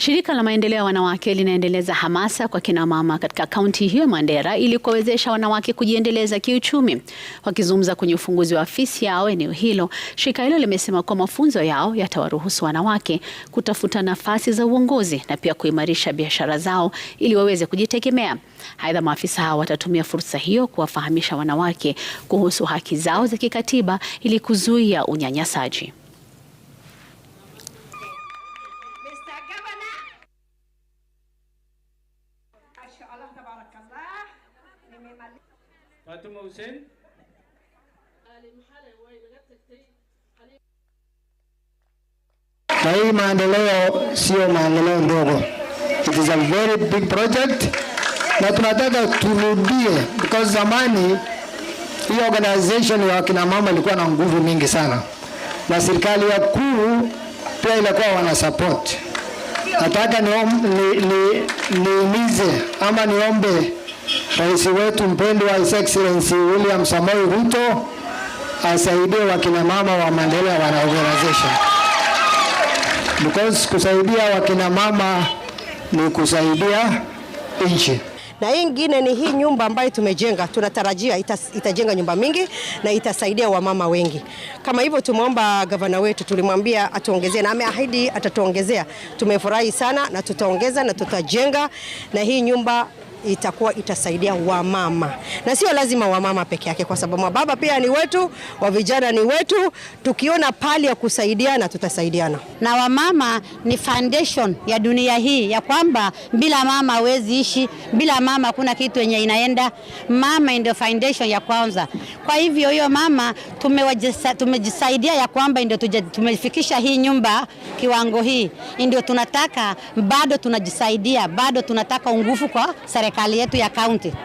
Shirika la maendeleo ya wanawake linaendeleza hamasa kwa kina mama katika kaunti hiyo ya Mandera ili kuwawezesha wanawake kujiendeleza kiuchumi. Wakizungumza kwenye ufunguzi wa afisi yao eneo hilo, shirika hilo limesema kuwa mafunzo yao yatawaruhusu wanawake kutafuta nafasi za uongozi na pia kuimarisha biashara zao ili waweze kujitegemea. Aidha, maafisa hao watatumia fursa hiyo kuwafahamisha wanawake kuhusu haki zao za kikatiba ili kuzuia unyanyasaji. fatima hussein na hii maendeleo sio maendeleo ndogo, it is a very big project, na tunataka turudie, because zamani hii organization ya wakina mama ilikuwa na nguvu mingi sana, na serikali ya kuu pia ilikuwa wana support. Nataka nihimize ni, ni, ni ama niombe Rais wetu mpendwa His Excellency William Samoei Ruto asaidie wakinamama wa Mandela Wana Organization because kusaidia wakinamama ni kusaidia nchi na hii ingine ni hii nyumba ambayo tumejenga, tunatarajia itajenga nyumba mingi na itasaidia wamama wengi kama hivyo. Tumeomba gavana wetu, tulimwambia atuongezee na ameahidi atatuongezea. Tumefurahi sana na tutaongeza na tutajenga na hii nyumba itakuwa itasaidia wamama, na sio lazima wamama peke yake, kwa sababu wababa pia ni wetu, wa vijana ni wetu. Tukiona pali ya kusaidiana, tutasaidiana. Na wamama ni foundation ya dunia hii, ya kwamba bila mama hawezi ishi, bila mama hakuna kitu yenye inaenda. Mama ndio foundation ya kwanza. Kwa hivyo hiyo mama tumejisaidia, ya kwamba ndio tumefikisha hii nyumba kiwango hii, ndio tunataka bado tunajisaidia, bado tunataka nguvu kwa serikali serikali yetu ya kaunti.